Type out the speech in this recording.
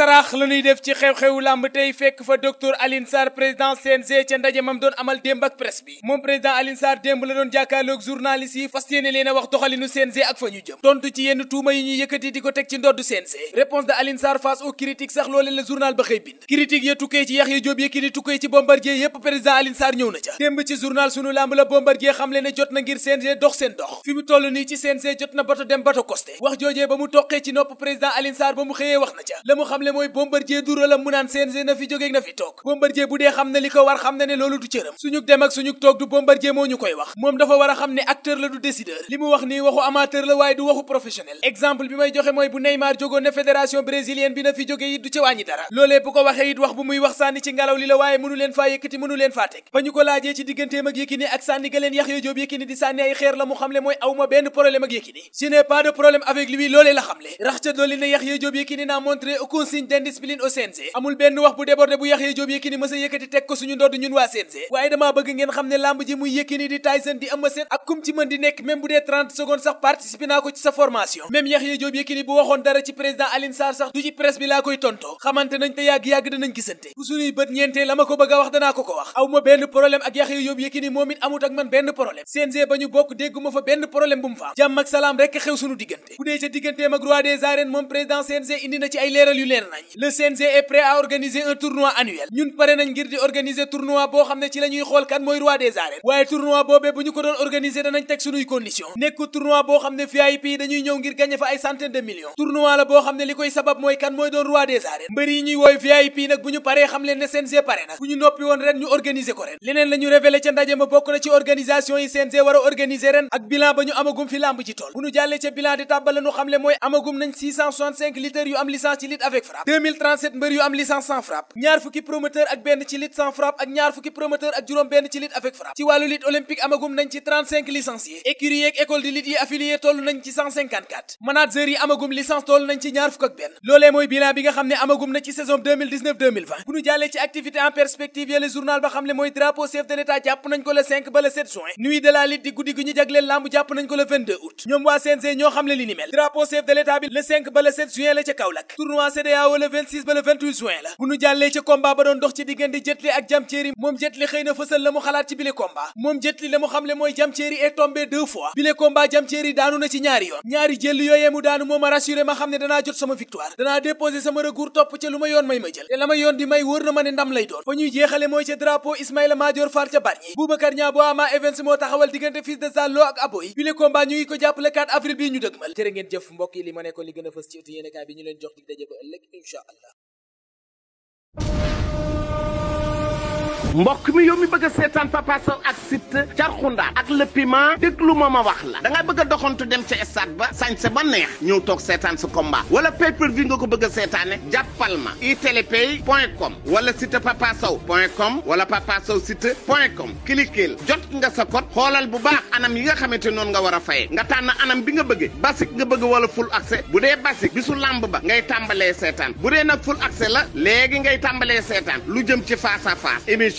saraax la ñuy def ci xew-xewu làmb tey fekk fa docteur Alioune président CNG ca ndaje mam doon amal démb ak presse bi moom président Alioune démb la doon jàkkaarloog journaliste yi fas yéene a wax doxalinu CNG ak fa ñu jëm tontu ci yenn tuuma yi ñuy yëkkati di ko teg ci ndodd CNG réponse de Alioune Sarr face sax loolee la journal ba xëy bind critique ya tukkee ci Yaxya Jóob Yékini tukkee ci Bombardier yépp président Alioune ñëw na jaaxle mooy Bombardier duuralam mu naan CNG na fi jógeeg na fi toog Bombardier bu dee xam ne li ko war xam ne loolu du cëram suñu dem ak suñu toog du Bombardier moo ñu koy wax moom dafa war a xam ne acteur la du décideur li mu wax nii waxu amateur la waaye du waxu professionnel exemple bi may joxe mooy bu Neymar jógoon ne fédération brésilienne bi na fi jóge it du ca wàññi dara loolee bu ko waxee it wax bu muy wax sànni ci ngelaw li la waaye mënu signe d'indiscipline au CNG amul benn wax bu débordé bu Yaxya Jóob Yékini Yékini moom it amut ak man benn problème CNG ba ñu bokk dégguma fa benn problème bu fa jàmm ak salaam rekk xew suñu diggante bu dee ca digganteem ak roi des arènes moom président CNG indi na ci ay leeral yu leer le CNG est prêt organiser un tournoi annuel ñun pare nañ ngir di organiser tournoi boo xam ne ci la xool kan mooy roi des arènes waaye tournoi boobee bu ñu ko doon organiser danañ teg suñuy condition nekk tournoi boo xam ne VIP yi dañuy ñëw ngir gagné fa ay centaines millions tournoi la boo xam ne li koy sabab mooy kan mooy doon roi des arènes mbër yi ñuy wooy VIP nag bu ñu paree xam leen ne CNG pare na bu ñu noppi woon ren ñu organiser ko ren leneen ma bokk na ci organisation yi CNG mbër yu am licence sans frappe ñaar fukki promoteur ak benn ci lutte sans frappe ak ñaar fukki promoteur ak juróom benn ci lutte avec frappe ci wàllu lutte olympique amagum nañ ci 35 licenciés écurie yeeg école yi affilié toll nañ ci manager yi amagum licence toll nañ ci ñaar fukk ak benn loolee mooy bilan bi nga xam ne amagum na ci saison bu ñu jàllee ci activité en perspective yële journal ba xam ne mooy drapeau chef de l'état jàpp nañ ko la waa ba la ca CEDEAO le 26 ba le 28 juin la bu nu jàllee ca combat ba doon dox ci diggante Jet ak Jam Teeri moom Jet xëy na fësal la mu xalaat ci bile combat moom Jet la mu xamle mooy Jam Teeri est tombé deux fois bile combat Jam Teeri daanu na ci ñaari yoon ñaari jël yooyee mu daanu moo a rassuré ma xam ne dana jot sama victoire danaa déposé sama recours topp ca lu ma yoon may ma jël te la ma yoon di may wóor na ma ne ndam lay doon fa ñuy jeexale mooy ca drapeau Ismaïla Madior Fall ca moo taxawal a fës ci utu yéenekaay bi ñu incha allah mbokk mi yow mi bëgg a seetaan papa Sow ak site Carxunda ak lëppiment déglu ma ma wax la da nga bëgg a doxantu dem ca stade ba sañse ba neex ñëw toog seetaan sa combat wala pay per nga ko bëgg seetaane jàppal ma itelepay point com wala site papa Sow point com wala papa Sow site point com cliqueel jot nga sa code xoolal bu baax anam yi nga xamante noonu nga war a fayee nga tànn anam bi nga bëggee basique nga bëgg wala full accès bu dee basique bi làmb ba ngay tàmbalee seetaan bu dee nag full accès la léegi ngay tàmbalee seetaan lu jëm ci face à face émission